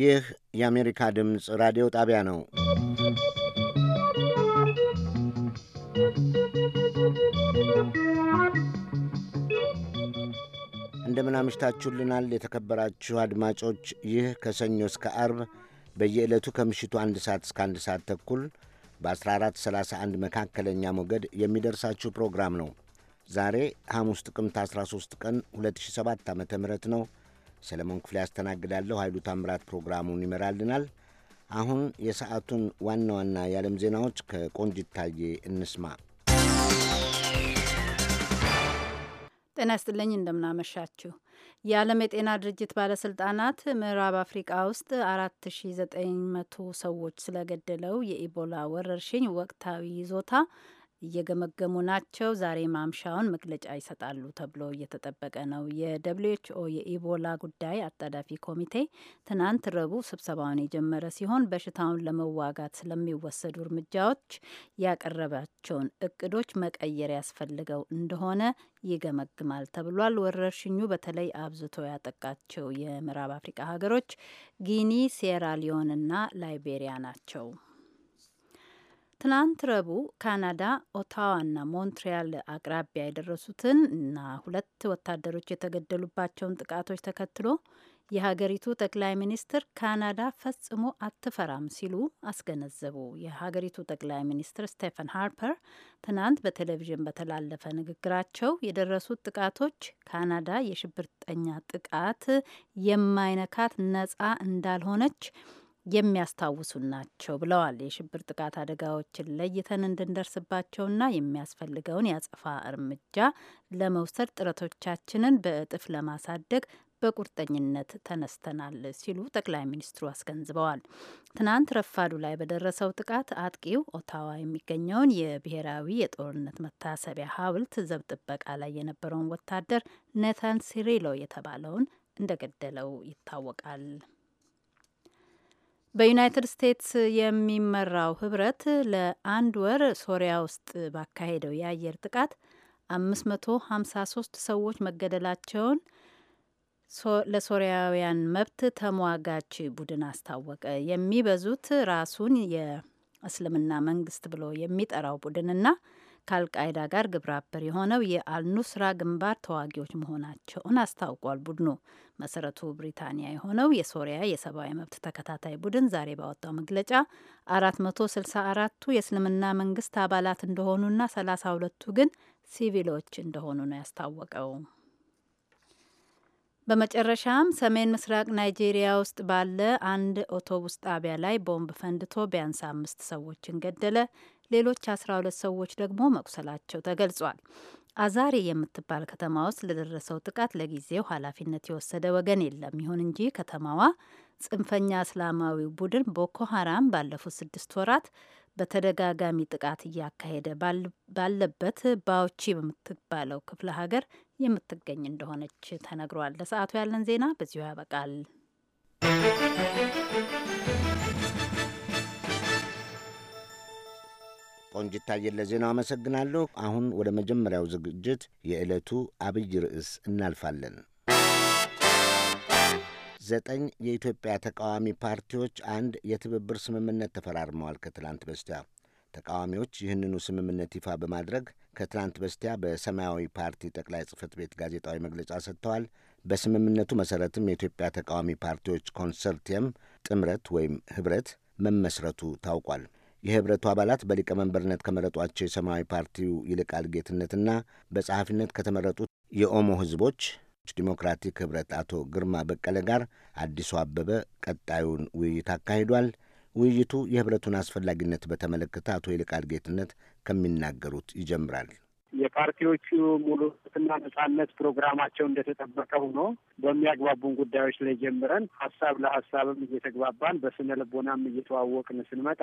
ይህ የአሜሪካ ድምፅ ራዲዮ ጣቢያ ነው። እንደምን አምሽታችሁልናል የተከበራችሁ አድማጮች። ይህ ከሰኞ እስከ አርብ በየዕለቱ ከምሽቱ አንድ ሰዓት እስከ አንድ ሰዓት ተኩል በ1431 መካከለኛ ሞገድ የሚደርሳችሁ ፕሮግራም ነው። ዛሬ ሐሙስ ጥቅምት 13 ቀን 2007 ዓ ም ነው። ሰለሞን ክፍሌ ያስተናግዳለሁ። ኃይሉ ታምራት ፕሮግራሙን ይመራልናል። አሁን የሰዓቱን ዋና ዋና የዓለም ዜናዎች ከቆንጂት ታዬ እንስማ። ጤና ይስጥልኝ፣ እንደምናመሻችሁ። የዓለም የጤና ድርጅት ባለስልጣናት ምዕራብ አፍሪቃ ውስጥ 4900 ሰዎች ስለገደለው የኢቦላ ወረርሽኝ ወቅታዊ ይዞታ እየገመገሙ ናቸው። ዛሬ ማምሻውን መግለጫ ይሰጣሉ ተብሎ እየተጠበቀ ነው። የደብሊው ኤች ኦ የኢቦላ ጉዳይ አጣዳፊ ኮሚቴ ትናንት ረቡዕ ስብሰባውን የጀመረ ሲሆን በሽታውን ለመዋጋት ስለሚወሰዱ እርምጃዎች ያቀረባቸውን እቅዶች መቀየር ያስፈልገው እንደሆነ ይገመግማል ተብሏል። ወረርሽኙ በተለይ አብዝቶ ያጠቃቸው የምዕራብ አፍሪቃ ሀገሮች ጊኒ፣ ሴራሊዮንና ላይቤሪያ ናቸው። ትናንት ረቡዕ ካናዳ ኦታዋና ሞንትሪያል አቅራቢያ የደረሱትን እና ሁለት ወታደሮች የተገደሉባቸውን ጥቃቶች ተከትሎ የሀገሪቱ ጠቅላይ ሚኒስትር ካናዳ ፈጽሞ አትፈራም ሲሉ አስገነዘቡ። የሀገሪቱ ጠቅላይ ሚኒስትር ስቴፈን ሃርፐር ትናንት በቴሌቪዥን በተላለፈ ንግግራቸው የደረሱት ጥቃቶች ካናዳ የሽብርተኛ ጥቃት የማይነካት ነጻ እንዳልሆነች የሚያስታውሱን ናቸው ብለዋል። የሽብር ጥቃት አደጋዎችን ለይተን እንድንደርስባቸውና የሚያስፈልገውን የአጸፋ እርምጃ ለመውሰድ ጥረቶቻችንን በእጥፍ ለማሳደግ በቁርጠኝነት ተነስተናል ሲሉ ጠቅላይ ሚኒስትሩ አስገንዝበዋል። ትናንት ረፋዱ ላይ በደረሰው ጥቃት አጥቂው ኦታዋ የሚገኘውን የብሔራዊ የጦርነት መታሰቢያ ሐውልት ዘብ ጥበቃ ላይ የነበረውን ወታደር ኔታን ሲሪሎ የተባለውን እንደገደለው ይታወቃል። በዩናይትድ ስቴትስ የሚመራው ህብረት ለአንድ ወር ሶሪያ ውስጥ ባካሄደው የአየር ጥቃት 553 ሰዎች መገደላቸውን ለሶሪያውያን መብት ተሟጋች ቡድን አስታወቀ። የሚበዙት ራሱን የእስልምና መንግስት ብሎ የሚጠራው ቡድንና ከአልቃይዳ ጋር ግብረአበር የሆነው የአልኑስራ ግንባር ተዋጊዎች መሆናቸውን አስታውቋል። ቡድኑ መሰረቱ ብሪታንያ የሆነው የሶሪያ የሰብአዊ መብት ተከታታይ ቡድን ዛሬ ባወጣው መግለጫ 464ቱ የእስልምና መንግስት አባላት እንደሆኑና ሰላሳ ሁለቱ ግን ሲቪሎች እንደሆኑ ነው ያስታወቀው። በመጨረሻም ሰሜን ምስራቅ ናይጄሪያ ውስጥ ባለ አንድ አውቶቡስ ጣቢያ ላይ ቦምብ ፈንድቶ ቢያንስ አምስት ሰዎችን ገደለ። ሌሎች 12 ሰዎች ደግሞ መቁሰላቸው ተገልጿል። አዛሪ የምትባል ከተማ ውስጥ ለደረሰው ጥቃት ለጊዜው ኃላፊነት የወሰደ ወገን የለም። ይሁን እንጂ ከተማዋ ጽንፈኛ እስላማዊ ቡድን ቦኮ ሀራም ባለፉት ስድስት ወራት በተደጋጋሚ ጥቃት እያካሄደ ባለበት ባዎቺ በምትባለው ክፍለ ሀገር የምትገኝ እንደሆነች ተነግሯል። ለሰዓቱ ያለን ዜና በዚሁ ያበቃል። ቆንጅታየን ለዜናው አመሰግናለሁ። አሁን ወደ መጀመሪያው ዝግጅት የዕለቱ አብይ ርዕስ እናልፋለን። ዘጠኝ የኢትዮጵያ ተቃዋሚ ፓርቲዎች አንድ የትብብር ስምምነት ተፈራርመዋል። ከትላንት በስቲያ ተቃዋሚዎች ይህንኑ ስምምነት ይፋ በማድረግ ከትላንት በስቲያ በሰማያዊ ፓርቲ ጠቅላይ ጽህፈት ቤት ጋዜጣዊ መግለጫ ሰጥተዋል። በስምምነቱ መሰረትም የኢትዮጵያ ተቃዋሚ ፓርቲዎች ኮንሰርቲየም ጥምረት ወይም ህብረት መመስረቱ ታውቋል። የህብረቱ አባላት በሊቀመንበርነት ከመረጧቸው የሰማያዊ ፓርቲው ይልቃል ጌትነትና በጸሐፊነት ከተመረጡት የኦሞ ህዝቦች ዲሞክራቲክ ህብረት አቶ ግርማ በቀለ ጋር አዲሱ አበበ ቀጣዩን ውይይት አካሂዷል። ውይይቱ የህብረቱን አስፈላጊነት በተመለከተ አቶ ይልቃል ጌትነት ከሚናገሩት ይጀምራል። የፓርቲዎቹ ሙሉነትና ነጻነት ፕሮግራማቸው እንደተጠበቀው ነው። በሚያግባቡን ጉዳዮች ላይ ጀምረን ሀሳብ ለሀሳብም እየተግባባን በስነ ልቦናም እየተዋወቅን ስንመጣ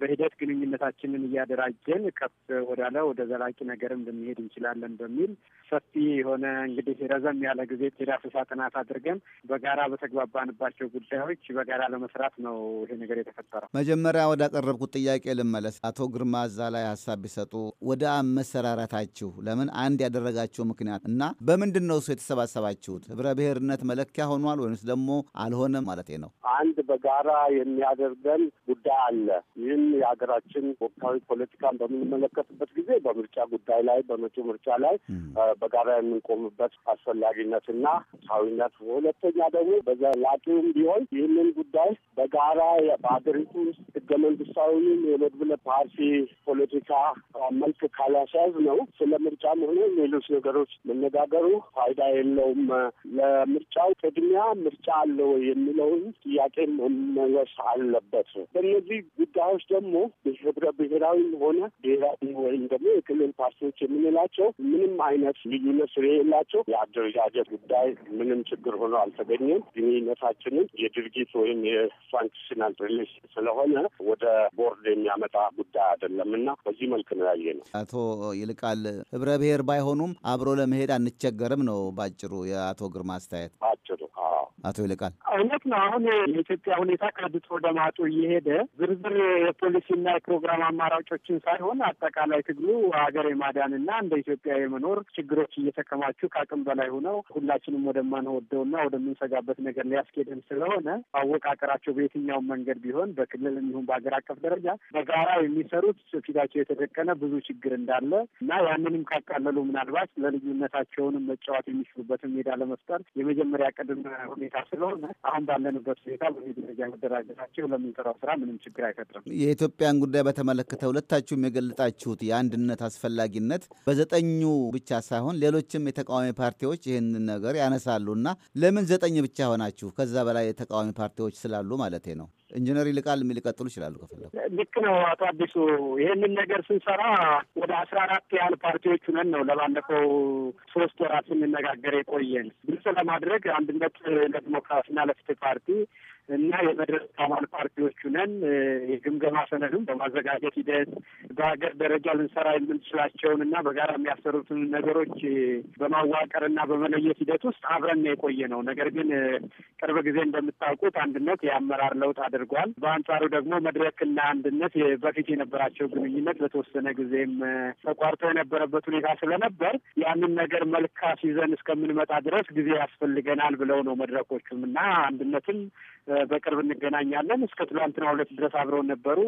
በሂደት ግንኙነታችንን እያደራጀን ከፍ ወዳለ ወደ ዘላቂ ነገርም ልንሄድ እንችላለን በሚል ሰፊ የሆነ እንግዲህ ረዘም ያለ ጊዜ የዳሰሳ ጥናት አድርገን በጋራ በተግባባንባቸው ጉዳዮች በጋራ ለመስራት ነው ይሄ ነገር የተፈጠረው። መጀመሪያ ወደ አቀረብኩት ጥያቄ ልመለስ። አቶ ግርማ እዛ ላይ ሀሳብ ቢሰጡ ወደ አመሰራራታችሁ ለምን አንድ ያደረጋቸው ምክንያት እና በምንድን ነው እሱ የተሰባሰባችሁት ህብረ ብሔር የብሔርነት መለኪያ ሆኗል ወይስ ደግሞ አልሆነም ማለት ነው? አንድ በጋራ የሚያደርገን ጉዳይ አለ። ይህን የሀገራችን ወቅታዊ ፖለቲካን በምንመለከትበት ጊዜ በምርጫ ጉዳይ ላይ በመጪው ምርጫ ላይ በጋራ የምንቆምበት አስፈላጊነትና ሳዊነት፣ ሁለተኛ ደግሞ በዘላቂውም ቢሆን ይህንን ጉዳይ በጋራ በሀገሪቱ ውስጥ ህገ መንግስታዊም የመድብለ ፓርቲ ፖለቲካ መልክ ካላስያዝ ነው ስለ ምርጫም ሆነ ሌሎች ነገሮች መነጋገሩ ፋይዳ የለውም። ለምርጫው ቅድሚያ ምርጫ አለ ወይ የሚለውን ጥያቄ መመለስ አለበት። በእነዚህ ጉዳዮች ደግሞ ህብረ ብሔራዊ ሆነ ብሔራዊ ወይም ደግሞ የክልል ፓርቲዎች የምንላቸው ምንም አይነት ልዩነት ስለሌላቸው የአደረጃጀት ጉዳይ ምንም ችግር ሆኖ አልተገኘም። ግንኙነታችንን የድርጊት ወይም የፋንክሽናል ሪሊስ ስለሆነ ወደ ቦርድ የሚያመጣ ጉዳይ አይደለም እና በዚህ መልክ ነው ያየ ነው። አቶ ይልቃል ህብረ ብሔር ባይሆኑም አብሮ ለመሄድ አንቸገርም ነው ባጭሩ የአቶ ግርማ tisztelt. Hát tudom, á, አቶ ይልቃል እውነት ነው። አሁን የኢትዮጵያ ሁኔታ ከድጡ ወደ ማጡ እየሄደ ዝርዝር የፖሊሲና የፕሮግራም አማራጮችን ሳይሆን አጠቃላይ ትግሉ ሀገር የማዳንና እንደ ኢትዮጵያ የመኖር ችግሮች እየተከማቹ ከአቅም በላይ ሆነው ሁላችንም ወደማንወደውና ወደምንሰጋበት ነገር ሊያስኬደን ስለሆነ አወቃቀራቸው በየትኛውም መንገድ ቢሆን በክልል እንዲሁም በሀገር አቀፍ ደረጃ በጋራ የሚሰሩት ፊታቸው የተደቀነ ብዙ ችግር እንዳለ እና ያንንም ካቃለሉ ምናልባት ለልዩነታቸውንም መጫወት የሚችሉበትን ሜዳ ለመፍጠር የመጀመሪያ ቅድመ ሁኔታ ስለሆነ አሁን ባለንበት ሁኔታ በዚህ ደረጃ መደራጀታቸው ለምንሰራው ስራ ምንም ችግር አይፈጥርም። የኢትዮጵያን ጉዳይ በተመለከተ ሁለታችሁም የገለጣችሁት የአንድነት አስፈላጊነት በዘጠኙ ብቻ ሳይሆን ሌሎችም የተቃዋሚ ፓርቲዎች ይህንን ነገር ያነሳሉ እና ለምን ዘጠኝ ብቻ ሆናችሁ ከዛ በላይ የተቃዋሚ ፓርቲዎች ስላሉ ማለት ነው። ኢንጂነር ይልቃል ሊቀጥሉ ይችላሉ ከፈለጉ። ልክ ነው አቶ አዲሱ። ይህንን ነገር ስንሰራ ወደ አስራ አራት ያህል ፓርቲዎች ሁነን ነው ለባለፈው ሶስት ወራት ስንነጋገር የቆየን። ግልጽ ለማድረግ አንድነት ለዲሞክራሲና ለፍትህ ፓርቲ እና የመድረስ አባል ፓርቲዎቹ ነን። የግምገማ ሰነዱን በማዘጋጀት ሂደት በሀገር ደረጃ ልንሰራ የምንችላቸውን እና በጋራ የሚያሰሩትን ነገሮች በማዋቀር እና በመለየት ሂደት ውስጥ አብረን የቆየ ነው። ነገር ግን ቅርብ ጊዜ እንደምታውቁት አንድነት የአመራር ለውጥ አድርጓል። በአንጻሩ ደግሞ መድረክና አንድነት በፊት የነበራቸው ግንኙነት በተወሰነ ጊዜም ተቋርጦ የነበረበት ሁኔታ ስለነበር ያንን ነገር መልካ ሲዘን እስከምንመጣ ድረስ ጊዜ ያስፈልገናል ብለው ነው መድረኮቹም እና አንድነትም በቅርብ እንገናኛለን። እስከ ትላንትና ሁለት ድረስ አብረው ነበሩ።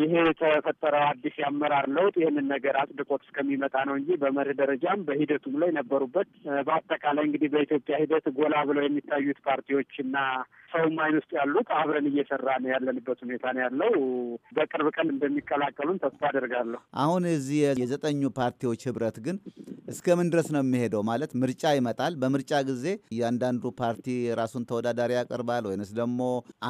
ይሄ የተፈጠረው አዲስ የአመራር ለውጥ ይህንን ነገር አጽድቆት እስከሚመጣ ነው እንጂ በመርህ ደረጃም በሂደቱም ላይ ነበሩበት። በአጠቃላይ እንግዲህ በኢትዮጵያ ሂደት ጎላ ብለው የሚታዩት ፓርቲዎች እና ሰውም አይን ውስጥ ያሉት አብረን እየሰራ ነው ያለንበት ሁኔታ ነው ያለው። በቅርብ ቀን እንደሚቀላቀሉን ተስፋ አደርጋለሁ። አሁን እዚህ የዘጠኙ ፓርቲዎች ህብረት ግን እስከ ምን ድረስ ነው የሚሄደው? ማለት ምርጫ ይመጣል። በምርጫ ጊዜ እያንዳንዱ ፓርቲ ራሱን ተወዳዳሪ ያቀርባል ወይንስ ደግሞ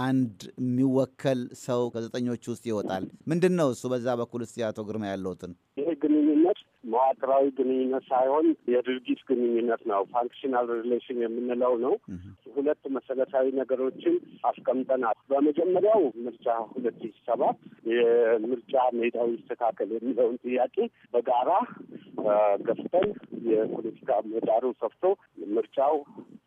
አንድ የሚወከል ሰው ከዘጠኞቹ ውስጥ ይወጣል? ምንድን ነው እሱ? በዛ በኩል እስቲ አቶ ግርማ ያለውትን ይህ ግንኙነት መዋቅራዊ ግንኙነት ሳይሆን የድርጊት ግንኙነት ነው። ፋንክሽናል ሪሌሽን የምንለው ነው። ሁለት መሰረታዊ ነገሮችን አስቀምጠናል። በመጀመሪያው ምርጫ ሁለት ሺህ ሰባት የምርጫ ሜዳው ይስተካከል የሚለውን ጥያቄ በጋራ ገፍተን የፖለቲካ ምህዳሩ ሰፍቶ ምርጫው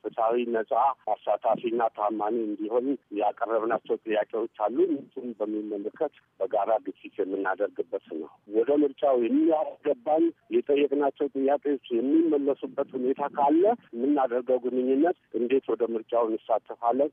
ፍትሐዊ፣ ነጻ፣ አሳታፊና ታማኒ እንዲሆን ያቀረብናቸው ጥያቄዎች አሉ። እሱን በሚመለከት በጋራ ግፊት የምናደርግበት ነው። ወደ ምርጫው የሚያስገባን የጠየቅናቸው ጥያቄዎች የሚመለሱበት ሁኔታ ካለ የምናደርገው ግንኙነት እንዴት ወደ ምርጫው እንሳተፋለን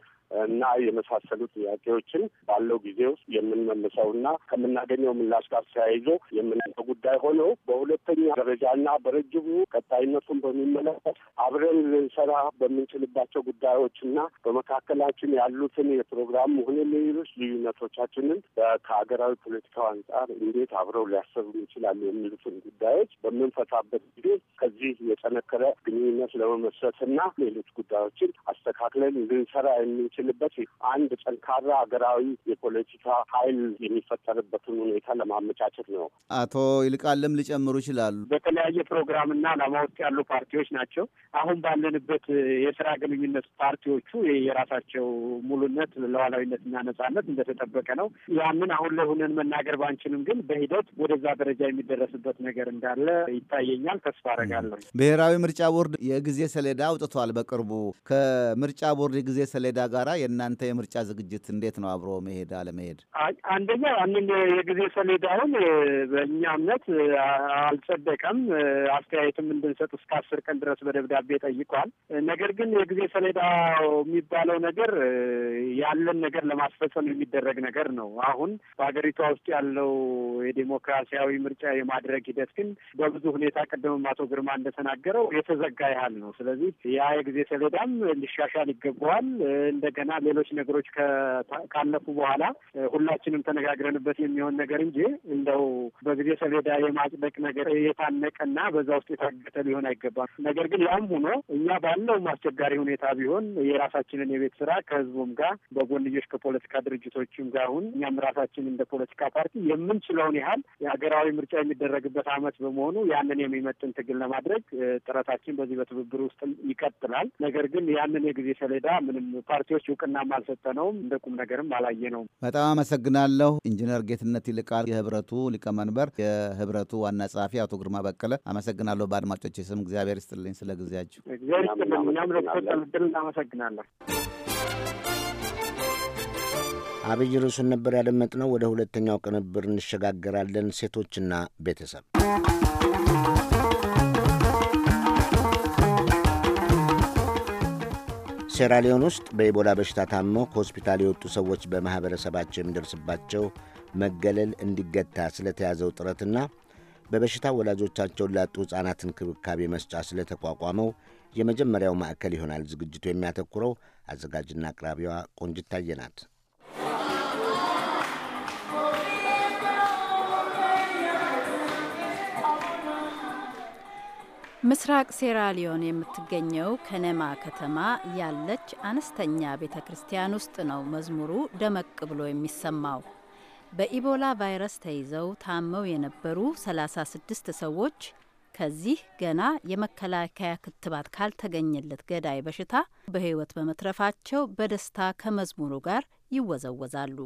እና የመሳሰሉ ጥያቄዎችን ባለው ጊዜ ውስጥ የምንመልሰውና ከምናገኘው ምላሽ ጋር ተያይዞ የምንለው ጉዳይ ሆኖ በሁለተኛ ደረጃና በረጅሙ ቀጣይነቱን በሚመለከት አብረን ልንሰራ በሚ የምንችልባቸው ጉዳዮች እና በመካከላችን ያሉትን የፕሮግራም ሆነ ሌሎች ልዩነቶቻችንን ከሀገራዊ ፖለቲካው አንጻር እንዴት አብረው ሊያሰሩ ይችላሉ የሚሉትን ጉዳዮች በምንፈታበት ጊዜ ከዚህ የጠነከረ ግንኙነት ለመመስረት ሌሎች ጉዳዮችን አስተካክለን ልንሰራ የምንችልበት አንድ ጠንካራ ሀገራዊ የፖለቲካ ኃይል የሚፈጠርበትን ሁኔታ ለማመቻቸት ነው። አቶ ይልቃለም ሊጨምሩ ይችላሉ። በተለያየ ፕሮግራምና ዓላማ ውስጥ ያሉ ፓርቲዎች ናቸው። አሁን ባለንበት የስራ ግንኙነት ፓርቲዎቹ የራሳቸው ሙሉነት ለዋላዊነትና ነጻነት እንደተጠበቀ ነው። ያንን አሁን ላይ ሁነን መናገር ባንችልም ግን በሂደት ወደዛ ደረጃ የሚደረስበት ነገር እንዳለ ይታየኛል። ተስፋ አረጋለሁ። ብሔራዊ ምርጫ ቦርድ የጊዜ ሰሌዳ አውጥቷል በቅርቡ። ከምርጫ ቦርድ የጊዜ ሰሌዳ ጋራ የእናንተ የምርጫ ዝግጅት እንዴት ነው? አብሮ መሄድ አለመሄድ? አንደኛ ያንን የጊዜ ሰሌዳውን በእኛ እምነት አልጸደቀም። አስተያየትም እንድንሰጥ እስከ አስር ቀን ድረስ በደብዳቤ ጠይቋል። ነገር ግን የጊዜ ሰሌዳ የሚባለው ነገር ያለን ነገር ለማስፈጸም የሚደረግ ነገር ነው። አሁን በሀገሪቷ ውስጥ ያለው የዴሞክራሲያዊ ምርጫ የማድረግ ሂደት ግን በብዙ ሁኔታ ቅድምም አቶ ግርማ እንደተናገረው የተዘጋ ያህል ነው። ስለዚህ ያ የጊዜ ሰሌዳም ሊሻሻል ይገባዋል። እንደገና ሌሎች ነገሮች ካለፉ በኋላ ሁላችንም ተነጋግረንበት የሚሆን ነገር እንጂ እንደው በጊዜ ሰሌዳ የማጽደቅ ነገር የታነቀና በዛ ውስጥ የታገተ ሊሆን አይገባም። ነገር ግን ያም ሆኖ እኛ ባለው ማስ አስቸጋሪ ሁኔታ ቢሆን የራሳችንን የቤት ስራ ከህዝቡም ጋር በጎንዮሽ ከፖለቲካ ድርጅቶችም ጋር አሁን እኛም ራሳችን እንደ ፖለቲካ ፓርቲ የምንችለውን ያህል የሀገራዊ ምርጫ የሚደረግበት አመት በመሆኑ ያንን የሚመጥን ትግል ለማድረግ ጥረታችን በዚህ በትብብር ውስጥ ይቀጥላል። ነገር ግን ያንን የጊዜ ሰሌዳ ምንም ፓርቲዎች እውቅናም አልሰጠነውም፣ እንደ ቁም ነገርም አላየነውም። በጣም አመሰግናለሁ። ኢንጂነር ጌትነት ይልቃል የህብረቱ ሊቀመንበር፣ የህብረቱ ዋና ጸሐፊ አቶ ግርማ በቀለ አመሰግናለሁ። በአድማጮች ስም እግዚአብሔር ይስጥልኝ ስለ ጊዜያችሁ። እግዚአብሔር ስለተሰጠን እድል እናመሰግናለን። አብይ ርዕሱን ነበር ያደመጥነው። ወደ ሁለተኛው ቅንብር እንሸጋገራለን። ሴቶችና ቤተሰብ ሴራሊዮን ውስጥ በኢቦላ በሽታ ታመው ከሆስፒታል የወጡ ሰዎች በማኅበረሰባቸው የሚደርስባቸው መገለል እንዲገታ ስለተያዘው ጥረትና በበሽታ ወላጆቻቸውን ላጡ ሕፃናት እንክብካቤ መስጫ ስለተቋቋመው የመጀመሪያው ማዕከል ይሆናል። ዝግጅቱ የሚያተኩረው አዘጋጅና አቅራቢዋ ቆንጅት ታየ ናት። ምስራቅ ሴራሊዮን የምትገኘው ከነማ ከተማ ያለች አነስተኛ ቤተ ክርስቲያን ውስጥ ነው መዝሙሩ ደመቅ ብሎ የሚሰማው። በኢቦላ ቫይረስ ተይዘው ታመው የነበሩ 36 ሰዎች ከዚህ ገና የመከላከያ ክትባት ካልተገኘለት ገዳይ በሽታ በሕይወት በመትረፋቸው በደስታ ከመዝሙሩ ጋር ይወዘወዛሉ።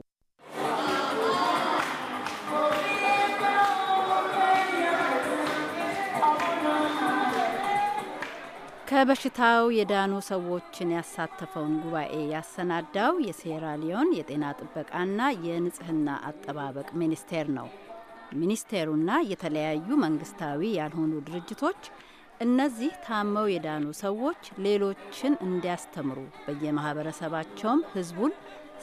ከበሽታው የዳኑ ሰዎችን ያሳተፈውን ጉባኤ ያሰናዳው የሴራሊዮን የጤና ጥበቃና የንጽህና አጠባበቅ ሚኒስቴር ነው። ሚኒስቴሩና የተለያዩ መንግስታዊ ያልሆኑ ድርጅቶች እነዚህ ታመው የዳኑ ሰዎች ሌሎችን እንዲያስተምሩ በየማህበረሰባቸውም ህዝቡን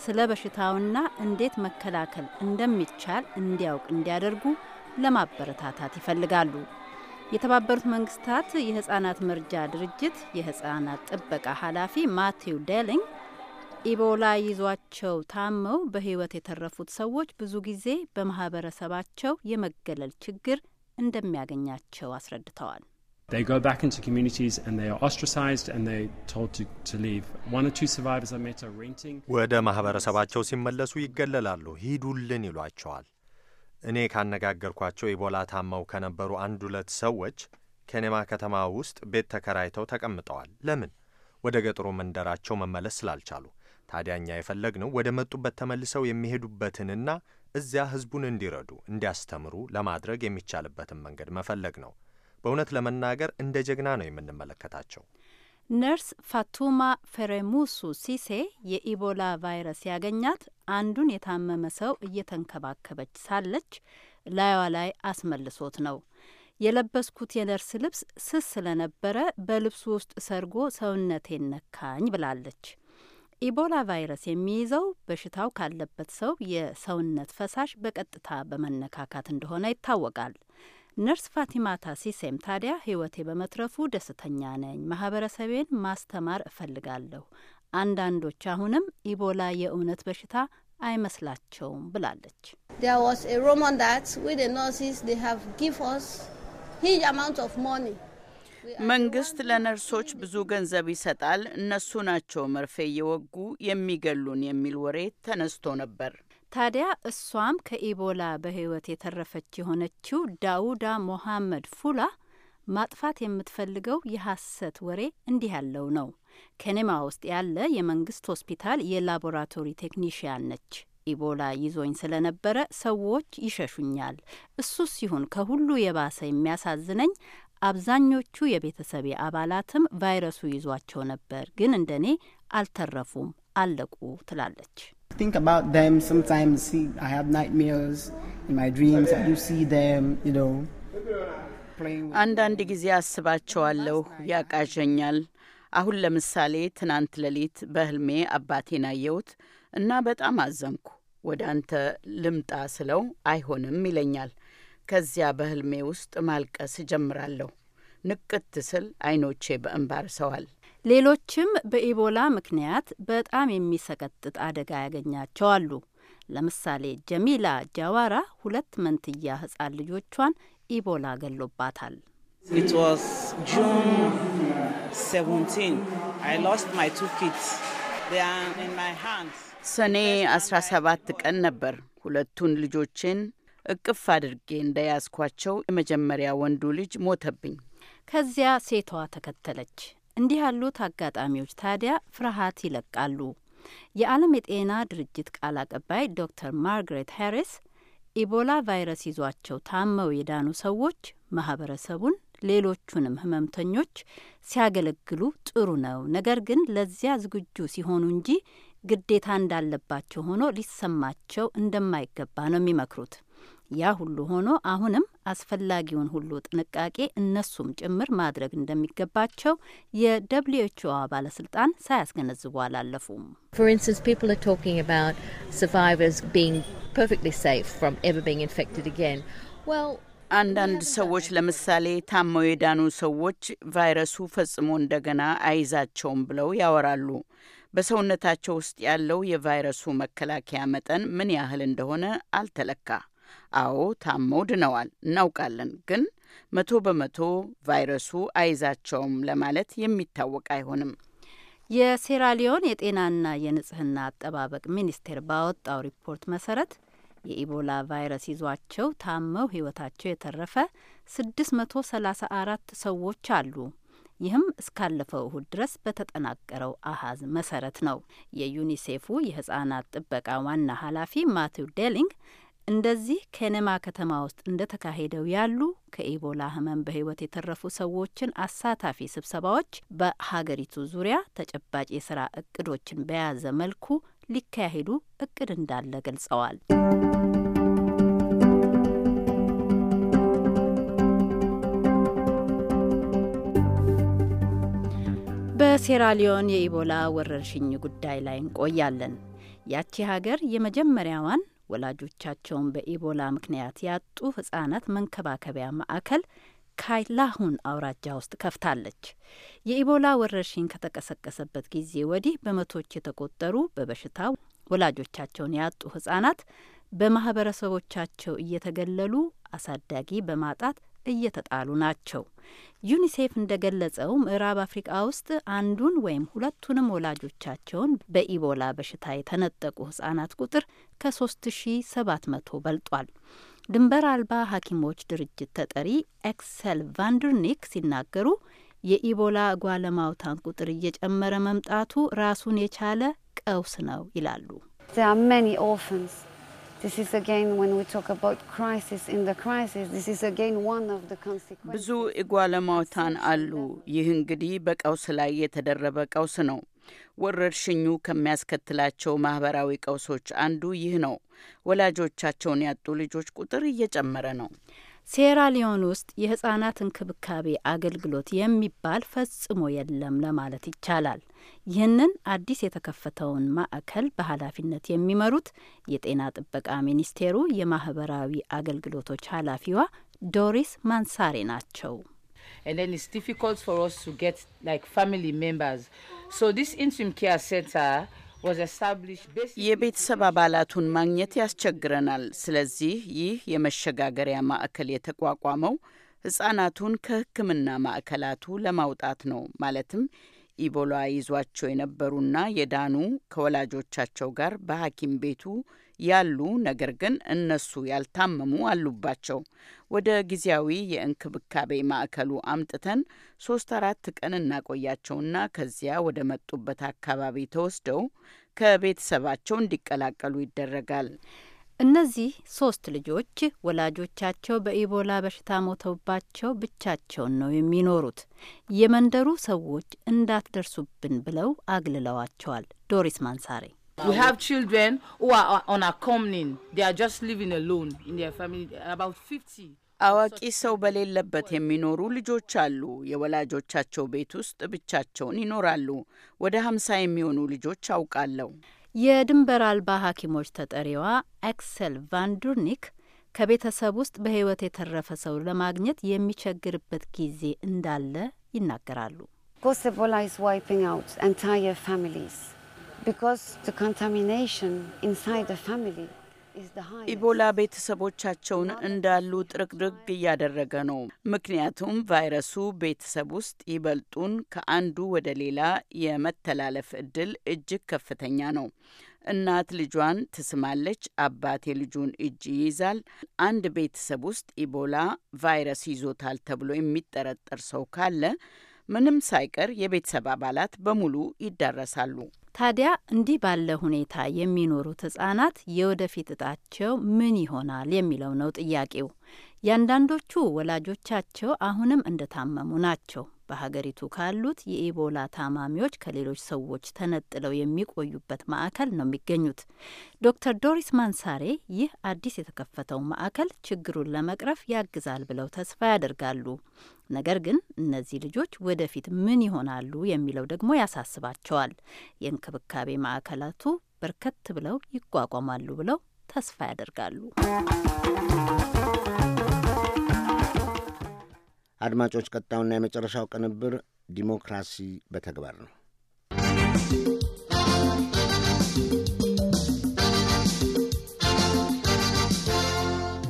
ስለ በሽታውና እንዴት መከላከል እንደሚቻል እንዲያውቅ እንዲያደርጉ ለማበረታታት ይፈልጋሉ። የተባበሩት መንግስታት የህጻናት መርጃ ድርጅት የህጻናት ጥበቃ ኃላፊ ማቴው ዴሊንግ ኢቦላ ይዟቸው ታመው በህይወት የተረፉት ሰዎች ብዙ ጊዜ በማህበረሰባቸው የመገለል ችግር እንደሚያገኛቸው አስረድተዋል። ወደ ማህበረሰባቸው ሲመለሱ ይገለላሉ። ሂዱልን ይሏቸዋል። እኔ ካነጋገርኳቸው ኢቦላ ታመው ከነበሩ አንድ ሁለት ሰዎች ከኔማ ከተማ ውስጥ ቤት ተከራይተው ተቀምጠዋል። ለምን? ወደ ገጠሩ መንደራቸው መመለስ ስላልቻሉ ታዲያኛ የፈለግነው ወደ መጡበት ተመልሰው የሚሄዱበትንና እዚያ ህዝቡን እንዲረዱ እንዲያስተምሩ ለማድረግ የሚቻልበትን መንገድ መፈለግ ነው። በእውነት ለመናገር እንደ ጀግና ነው የምንመለከታቸው። ነርስ ፋቱማ ፌሬሙሱ ሲሴ የኢቦላ ቫይረስ ያገኛት አንዱን የታመመ ሰው እየተንከባከበች ሳለች ላይዋ ላይ አስመልሶት ነው። የለበስኩት የነርስ ልብስ ስስ ስለነበረ በልብሱ ውስጥ ሰርጎ ሰውነቴን ነካኝ ብላለች። ኢቦላ ቫይረስ የሚይዘው በሽታው ካለበት ሰው የሰውነት ፈሳሽ በቀጥታ በመነካካት እንደሆነ ይታወቃል። ነርስ ፋቲማታ ሲሴም ታዲያ ሕይወቴ በመትረፉ ደስተኛ ነኝ፣ ማህበረሰቤን ማስተማር እፈልጋለሁ። አንዳንዶች አሁንም ኢቦላ የእውነት በሽታ አይመስላቸውም ብላለች። ሮማን ሮማን ስ ስ ስ ስ ስ መንግስት ለነርሶች ብዙ ገንዘብ ይሰጣል፣ እነሱ ናቸው መርፌ እየወጉ የሚገሉን የሚል ወሬ ተነስቶ ነበር። ታዲያ እሷም ከኢቦላ በህይወት የተረፈች የሆነችው ዳውዳ ሞሐመድ ፉላ ማጥፋት የምትፈልገው የሐሰት ወሬ እንዲህ ያለው ነው። ከኔማ ውስጥ ያለ የመንግስት ሆስፒታል የላቦራቶሪ ቴክኒሽያን ነች። ኢቦላ ይዞኝ ስለነበረ ሰዎች ይሸሹኛል። እሱ ሲሆን ከሁሉ የባሰ የሚያሳዝነኝ አብዛኞቹ የቤተሰቤ አባላትም ቫይረሱ ይዟቸው ነበር፣ ግን እንደኔ አልተረፉም፣ አለቁ ትላለች። አንዳንድ ጊዜ አስባቸዋለሁ፣ ያቃዠኛል። አሁን ለምሳሌ ትናንት ሌሊት በህልሜ አባቴን አየሁት እና በጣም አዘንኩ። ወደ አንተ ልምጣ ስለው አይሆንም ይለኛል። ከዚያ በህልሜ ውስጥ ማልቀስ እጀምራለሁ። ንቅት ስል አይኖቼ በእንባር ሰዋል። ሌሎችም በኢቦላ ምክንያት በጣም የሚሰቀጥጥ አደጋ ያገኛቸው አሉ። ለምሳሌ ጀሚላ ጃዋራ ሁለት መንትያ ህጻን ልጆቿን ኢቦላ ገሎባታል። ሰኔ 17 ቀን ነበር ሁለቱን ልጆቼን እቅፍ አድርጌ እንደያዝኳቸው የመጀመሪያ ወንዱ ልጅ ሞተብኝ። ከዚያ ሴቷ ተከተለች። እንዲህ ያሉት አጋጣሚዎች ታዲያ ፍርሃት ይለቃሉ። የዓለም የጤና ድርጅት ቃል አቀባይ ዶክተር ማርግሬት ሃሪስ ኢቦላ ቫይረስ ይዟቸው ታመው የዳኑ ሰዎች ማህበረሰቡን፣ ሌሎቹንም ህመምተኞች ሲያገለግሉ ጥሩ ነው፣ ነገር ግን ለዚያ ዝግጁ ሲሆኑ እንጂ ግዴታ እንዳለባቸው ሆኖ ሊሰማቸው እንደማይገባ ነው የሚመክሩት። ያ ሁሉ ሆኖ አሁንም አስፈላጊውን ሁሉ ጥንቃቄ እነሱም ጭምር ማድረግ እንደሚገባቸው የደብሊው ኤች ኦ ባለስልጣን ሳያስገነዝቡ አላለፉም። አንዳንድ ሰዎች ለምሳሌ ታመው የዳኑ ሰዎች ቫይረሱ ፈጽሞ እንደገና አይዛቸውም ብለው ያወራሉ። በሰውነታቸው ውስጥ ያለው የቫይረሱ መከላከያ መጠን ምን ያህል እንደሆነ አልተለካ አዎ ታመው ድነዋል እናውቃለን፣ ግን መቶ በመቶ ቫይረሱ አይዛቸውም ለማለት የሚታወቅ አይሆንም። የሴራሊዮን የጤናና የንጽህና አጠባበቅ ሚኒስቴር ባወጣው ሪፖርት መሰረት የኢቦላ ቫይረስ ይዟቸው ታመው ህይወታቸው የተረፈ 634 ሰዎች አሉ። ይህም እስካለፈው እሁድ ድረስ በተጠናቀረው አሀዝ መሰረት ነው። የዩኒሴፉ የህጻናት ጥበቃ ዋና ኃላፊ ማቲው ዴሊንግ እንደዚህ ከነማ ከተማ ውስጥ እንደተካሄደው ያሉ ከኢቦላ ህመም በህይወት የተረፉ ሰዎችን አሳታፊ ስብሰባዎች በሀገሪቱ ዙሪያ ተጨባጭ የስራ እቅዶችን በያዘ መልኩ ሊካሄዱ እቅድ እንዳለ ገልጸዋል። በሴራሊዮን የኢቦላ ወረርሽኝ ጉዳይ ላይ እንቆያለን። ያቺ ሀገር የመጀመሪያዋን ወላጆቻቸውን በኢቦላ ምክንያት ያጡ ህጻናት መንከባከቢያ ማዕከል ካይላሁን አውራጃ ውስጥ ከፍታለች። የኢቦላ ወረርሽኝ ከተቀሰቀሰበት ጊዜ ወዲህ በመቶዎች የተቆጠሩ በበሽታው ወላጆቻቸውን ያጡ ህጻናት በማህበረሰቦቻቸው እየተገለሉ አሳዳጊ በማጣት እየተጣሉ ናቸው። ዩኒሴፍ እንደገለጸው ምዕራብ አፍሪቃ ውስጥ አንዱን ወይም ሁለቱንም ወላጆቻቸውን በኢቦላ በሽታ የተነጠቁ ህጻናት ቁጥር ከ3700 በልጧል። ድንበር አልባ ሐኪሞች ድርጅት ተጠሪ ኤክሰል ቫንድርኒክ ሲናገሩ የኢቦላ ጓለማውታን ቁጥር እየጨመረ መምጣቱ ራሱን የቻለ ቀውስ ነው ይላሉ። ብዙ ኢጓለማውታን አሉ። ይህ እንግዲህ በቀውስ ላይ የተደረበ ቀውስ ነው። ወረርሽኙ ከሚያስከትላቸው ማህበራዊ ቀውሶች አንዱ ይህ ነው። ወላጆቻቸውን ያጡ ልጆች ቁጥር እየጨመረ ነው። ሴራሊዮን ውስጥ የህጻናት እንክብካቤ አገልግሎት የሚባል ፈጽሞ የለም ለማለት ይቻላል። ይህንን አዲስ የተከፈተውን ማዕከል በኃላፊነት የሚመሩት የጤና ጥበቃ ሚኒስቴሩ የማህበራዊ አገልግሎቶች ኃላፊዋ ዶሪስ ማንሳሬ ናቸው። ስ የቤተሰብ አባላቱን ማግኘት ያስቸግረናል። ስለዚህ ይህ የመሸጋገሪያ ማዕከል የተቋቋመው ሕጻናቱን ከሕክምና ማዕከላቱ ለማውጣት ነው። ማለትም ኢቦላ ይዟቸው የነበሩና የዳኑ ከወላጆቻቸው ጋር በሐኪም ቤቱ ያሉ ነገር ግን እነሱ ያልታመሙ አሉባቸው። ወደ ጊዜያዊ የእንክብካቤ ማዕከሉ አምጥተን ሶስት አራት ቀን እናቆያቸውና ከዚያ ወደ መጡበት አካባቢ ተወስደው ከቤተሰባቸው እንዲቀላቀሉ ይደረጋል። እነዚህ ሶስት ልጆች ወላጆቻቸው በኢቦላ በሽታ ሞተውባቸው ብቻቸውን ነው የሚኖሩት። የመንደሩ ሰዎች እንዳትደርሱብን ብለው አግልለዋቸዋል። ዶሪስ ማንሳሬ We have children who are on accompanying. They are just living alone in their family, about 50. አዋቂ ሰው በሌለበት የሚኖሩ ልጆች አሉ። የወላጆቻቸው ቤት ውስጥ ብቻቸውን ይኖራሉ። ወደ ሀምሳ የሚሆኑ ልጆች አውቃለሁ። የድንበር አልባ ሐኪሞች ተጠሪዋ አክሰል ቫንዱርኒክ ከቤተሰብ ውስጥ በሕይወት የተረፈ ሰው ለማግኘት የሚቸግርበት ጊዜ እንዳለ ይናገራሉ። ጎስቦላ ኢዝ ዋይፒንግ አውት ኤንታየር ፋሚሊስ ኢቦላ ቤተሰቦቻቸውን እንዳሉ ጥርቅርግ እያደረገ ነው። ምክንያቱም ቫይረሱ ቤተሰብ ውስጥ ይበልጡን ከአንዱ ወደ ሌላ የመተላለፍ እድል እጅግ ከፍተኛ ነው። እናት ልጇን ትስማለች፣ አባት የልጁን እጅ ይይዛል። አንድ ቤተሰብ ውስጥ ኢቦላ ቫይረስ ይዞታል ተብሎ የሚጠረጠር ሰው ካለ ምንም ሳይቀር የቤተሰብ አባላት በሙሉ ይዳረሳሉ። ታዲያ እንዲህ ባለ ሁኔታ የሚኖሩት ህጻናት የወደፊት እጣቸው ምን ይሆናል የሚለው ነው ጥያቄው። ያንዳንዶቹ ወላጆቻቸው አሁንም እንደታመሙ ናቸው። በሀገሪቱ ካሉት የኢቦላ ታማሚዎች ከሌሎች ሰዎች ተነጥለው የሚቆዩበት ማዕከል ነው የሚገኙት። ዶክተር ዶሪስ ማንሳሬ ይህ አዲስ የተከፈተው ማዕከል ችግሩን ለመቅረፍ ያግዛል ብለው ተስፋ ያደርጋሉ። ነገር ግን እነዚህ ልጆች ወደፊት ምን ይሆናሉ የሚለው ደግሞ ያሳስባቸዋል። የእንክብካቤ ማዕከላቱ በርከት ብለው ይቋቋማሉ ብለው ተስፋ ያደርጋሉ። አድማጮች፣ ቀጣዩና የመጨረሻው ቅንብር ዲሞክራሲ በተግባር ነው።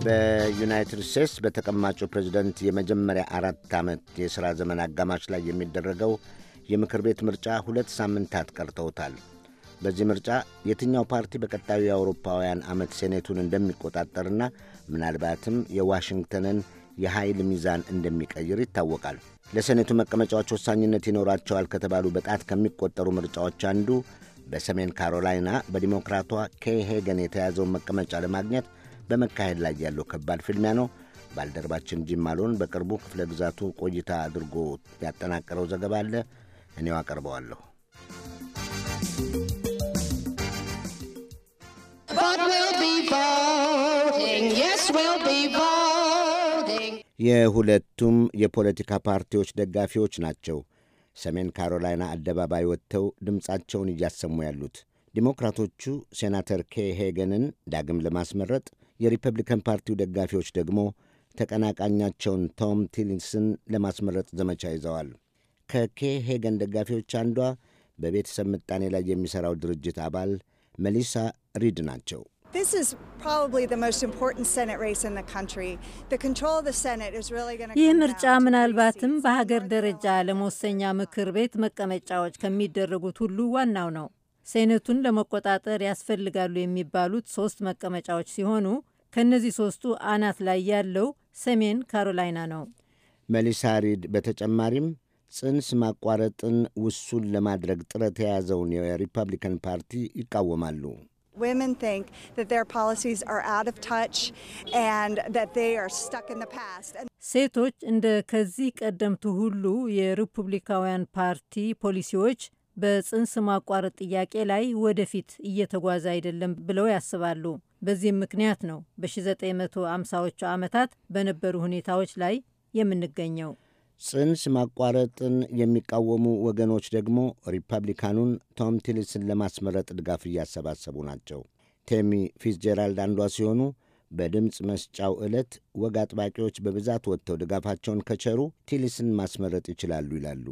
በዩናይትድ ስቴትስ በተቀማጩ ፕሬዚደንት የመጀመሪያ አራት ዓመት የሥራ ዘመን አጋማሽ ላይ የሚደረገው የምክር ቤት ምርጫ ሁለት ሳምንታት ቀርተውታል። በዚህ ምርጫ የትኛው ፓርቲ በቀጣዩ የአውሮፓውያን ዓመት ሴኔቱን እንደሚቆጣጠርና ምናልባትም የዋሽንግተንን የኃይል ሚዛን እንደሚቀይር ይታወቃል። ለሰኔቱ መቀመጫዎች ወሳኝነት ይኖራቸዋል ከተባሉ በጣት ከሚቆጠሩ ምርጫዎች አንዱ በሰሜን ካሮላይና በዲሞክራቷ ኬይ ሄገን የተያዘውን መቀመጫ ለማግኘት በመካሄድ ላይ ያለው ከባድ ፍልሚያ ነው። ባልደረባችን ጂም ማሎን በቅርቡ ክፍለ ግዛቱ ቆይታ አድርጎ ያጠናቀረው ዘገባ አለ። እኔው አቀርበዋለሁ። But we'll be voting, yes, we'll be voting. የሁለቱም የፖለቲካ ፓርቲዎች ደጋፊዎች ናቸው ሰሜን ካሮላይና አደባባይ ወጥተው ድምፃቸውን እያሰሙ ያሉት። ዲሞክራቶቹ ሴናተር ኬ ሄገንን ዳግም ለማስመረጥ፣ የሪፐብሊካን ፓርቲው ደጋፊዎች ደግሞ ተቀናቃኛቸውን ቶም ቲሊንስን ለማስመረጥ ዘመቻ ይዘዋል። ከኬ ሄገን ደጋፊዎች አንዷ በቤተሰብ ምጣኔ ላይ የሚሠራው ድርጅት አባል መሊሳ ሪድ ናቸው። ይህ ምርጫ ምናልባትም በሀገር ደረጃ ለመወሰኛ ምክር ቤት መቀመጫዎች ከሚደረጉት ሁሉ ዋናው ነው። ሴኔቱን ለመቆጣጠር ያስፈልጋሉ የሚባሉት ሶስት መቀመጫዎች ሲሆኑ ከእነዚህ ሶስቱ አናት ላይ ያለው ሰሜን ካሮላይና ነው። ሪድ በተጨማሪም ጽንስ ማቋረጥን ውሱን ለማድረግ ጥረት የያዘውን የሪፐብሊካን ፓርቲ ይቃወማሉ። Women think that their policies are out of touch and that they are stuck in the past. ሴቶች እንደ ከዚህ ቀደምቱ ሁሉ የሪፑብሊካውያን ፓርቲ ፖሊሲዎች በጽንስ ማቋረጥ ጥያቄ ላይ ወደፊት እየተጓዘ አይደለም ብለው ያስባሉ። በዚህም ምክንያት ነው በ1950ዎቹ ዓመታት በነበሩ ሁኔታዎች ላይ የምንገኘው። ጽንስ ማቋረጥን የሚቃወሙ ወገኖች ደግሞ ሪፐብሊካኑን ቶም ቲሊስን ለማስመረጥ ድጋፍ እያሰባሰቡ ናቸው። ቴሚ ፊትዝጄራልድ አንዷ ሲሆኑ በድምፅ መስጫው ዕለት ወግ አጥባቂዎች በብዛት ወጥተው ድጋፋቸውን ከቸሩ ቲሊስን ማስመረጥ ይችላሉ ይላሉ።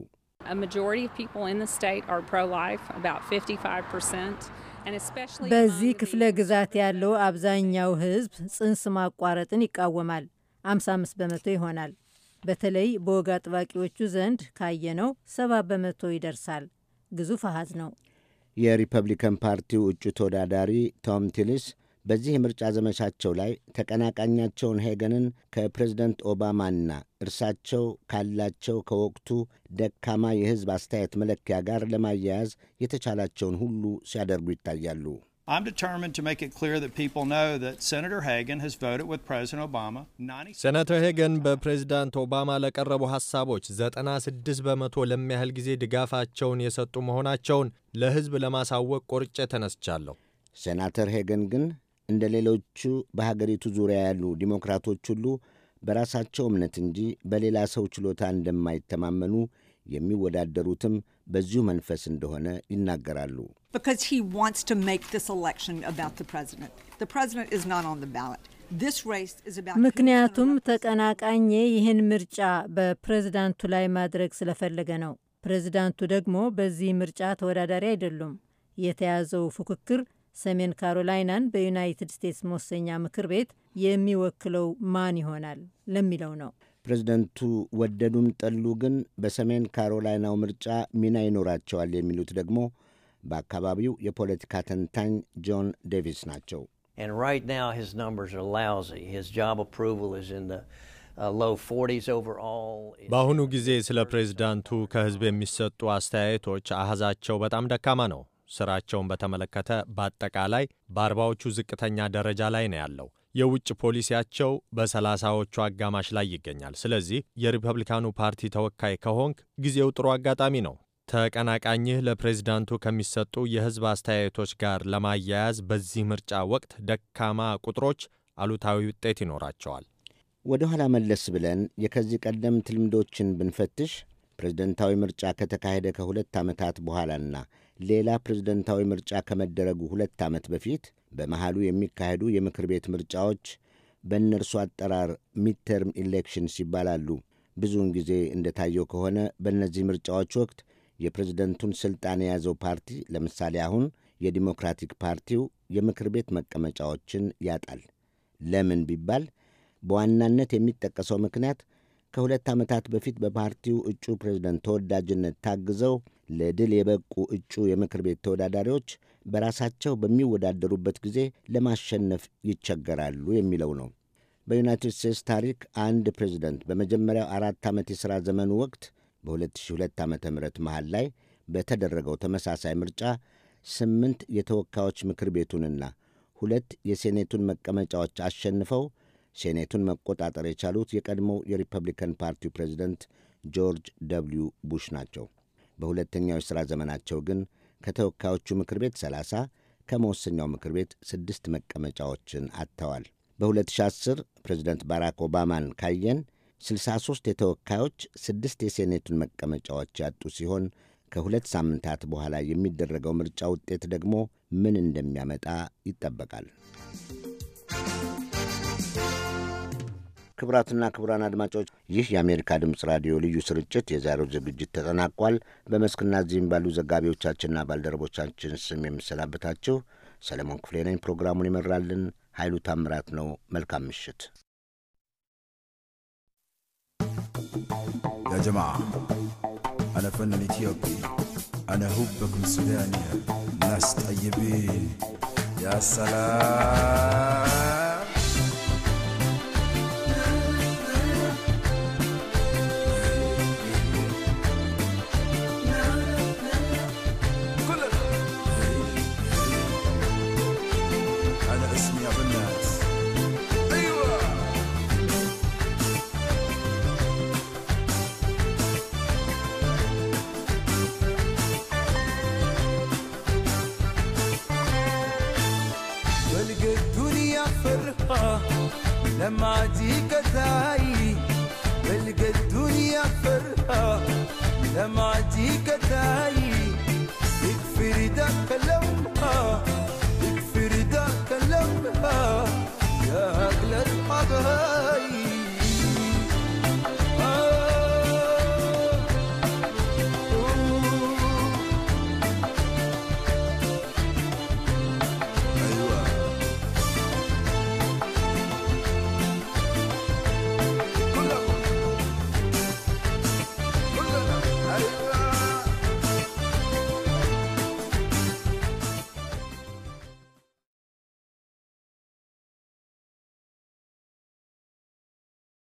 በዚህ ክፍለ ግዛት ያለው አብዛኛው ሕዝብ ጽንስ ማቋረጥን ይቃወማል። 55 በመቶ ይሆናል። በተለይ በወግ አጥባቂዎቹ ዘንድ ካየነው ሰባ በመቶ ይደርሳል። ግዙፍ አሃዝ ነው። የሪፐብሊካን ፓርቲው እጩ ተወዳዳሪ ቶም ቲሊስ በዚህ የምርጫ ዘመቻቸው ላይ ተቀናቃኛቸውን ሄገንን ከፕሬዝደንት ኦባማና እርሳቸው ካላቸው ከወቅቱ ደካማ የሕዝብ አስተያየት መለኪያ ጋር ለማያያዝ የተቻላቸውን ሁሉ ሲያደርጉ ይታያሉ። ሴናተር ሄገን በፕሬዝዳንት ኦባማ ለቀረቡ ሐሳቦች 96 በመቶ ለሚያህል ጊዜ ድጋፋቸውን የሰጡ መሆናቸውን ለሕዝብ ለማሳወቅ ቆርጬ ተነስቻለሁ። ሴናተር ሄገን ግን እንደ ሌሎቹ በሀገሪቱ ዙሪያ ያሉ ዲሞክራቶች ሁሉ በራሳቸው እምነት እንጂ በሌላ ሰው ችሎታ እንደማይተማመኑ የሚወዳደሩትም በዚሁ መንፈስ እንደሆነ ይናገራሉ። ምክንያቱም ተቀናቃኜ ይህን ምርጫ በፕሬዝዳንቱ ላይ ማድረግ ስለፈለገ ነው። ፕሬዝዳንቱ ደግሞ በዚህ ምርጫ ተወዳዳሪ አይደሉም። የተያዘው ፉክክር ሰሜን ካሮላይናን በዩናይትድ ስቴትስ መወሰኛ ምክር ቤት የሚወክለው ማን ይሆናል ለሚለው ነው። ፕሬዚደንቱ ወደዱም ጠሉ ግን በሰሜን ካሮላይናው ምርጫ ሚና ይኖራቸዋል የሚሉት ደግሞ በአካባቢው የፖለቲካ ተንታኝ ጆን ዴቪስ ናቸው። uh, በአሁኑ ጊዜ ስለ ፕሬዚዳንቱ ከህዝብ የሚሰጡ አስተያየቶች አህዛቸው በጣም ደካማ ነው። ስራቸውን በተመለከተ በአጠቃላይ በአርባዎቹ ዝቅተኛ ደረጃ ላይ ነው ያለው። የውጭ ፖሊሲያቸው በሰላሳዎቹ አጋማሽ ላይ ይገኛል። ስለዚህ የሪፐብሊካኑ ፓርቲ ተወካይ ከሆንክ ጊዜው ጥሩ አጋጣሚ ነው። ተቀናቃኝህ ለፕሬዚዳንቱ ከሚሰጡ የህዝብ አስተያየቶች ጋር ለማያያዝ በዚህ ምርጫ ወቅት ደካማ ቁጥሮች አሉታዊ ውጤት ይኖራቸዋል። ወደ ኋላ መለስ ብለን የከዚህ ቀደም ትልምዶችን ብንፈትሽ ፕሬዝደንታዊ ምርጫ ከተካሄደ ከሁለት ዓመታት በኋላና ሌላ ፕሬዝደንታዊ ምርጫ ከመደረጉ ሁለት ዓመት በፊት በመሃሉ የሚካሄዱ የምክር ቤት ምርጫዎች በእነርሱ አጠራር ሚድተርም ኢሌክሽንስ ይባላሉ። ብዙውን ጊዜ እንደታየው ከሆነ በእነዚህ ምርጫዎች ወቅት የፕሬዝደንቱን ሥልጣን የያዘው ፓርቲ ለምሳሌ አሁን የዲሞክራቲክ ፓርቲው የምክር ቤት መቀመጫዎችን ያጣል። ለምን ቢባል በዋናነት የሚጠቀሰው ምክንያት ከሁለት ዓመታት በፊት በፓርቲው እጩ ፕሬዝደንት ተወዳጅነት ታግዘው ለድል የበቁ እጩ የምክር ቤት ተወዳዳሪዎች በራሳቸው በሚወዳደሩበት ጊዜ ለማሸነፍ ይቸገራሉ የሚለው ነው። በዩናይትድ ስቴትስ ታሪክ አንድ ፕሬዝደንት በመጀመሪያው አራት ዓመት የሥራ ዘመኑ ወቅት በ2002 ዓ ም መሃል ላይ በተደረገው ተመሳሳይ ምርጫ ስምንት የተወካዮች ምክር ቤቱንና ሁለት የሴኔቱን መቀመጫዎች አሸንፈው ሴኔቱን መቆጣጠር የቻሉት የቀድሞው የሪፐብሊካን ፓርቲው ፕሬዚደንት ጆርጅ ደብልዩ ቡሽ ናቸው። በሁለተኛው የሥራ ዘመናቸው ግን ከተወካዮቹ ምክር ቤት 30 ከመወሰኛው ምክር ቤት ስድስት መቀመጫዎችን አጥተዋል። በ2010 ፕሬዚደንት ባራክ ኦባማን ካየን 63 የተወካዮች ስድስት የሴኔቱን መቀመጫዎች ያጡ ሲሆን ከሁለት ሳምንታት በኋላ የሚደረገው ምርጫ ውጤት ደግሞ ምን እንደሚያመጣ ይጠበቃል። ክቡራትና ክቡራን አድማጮች ይህ የአሜሪካ ድምፅ ራዲዮ ልዩ ስርጭት የዛሬው ዝግጅት ተጠናቋል። በመስክና እዚህም ባሉ ዘጋቢዎቻችንና ባልደረቦቻችን ስም የምሰናበታችሁ ሰለሞን ክፍሌ ነኝ። ፕሮግራሙን ይመራልን ኃይሉ ታምራት ነው። መልካም ምሽት ያጀማ አነፈንን ኢትዮጵያ አነ ሱዳንያ ናስ ጠይቢን ያሰላም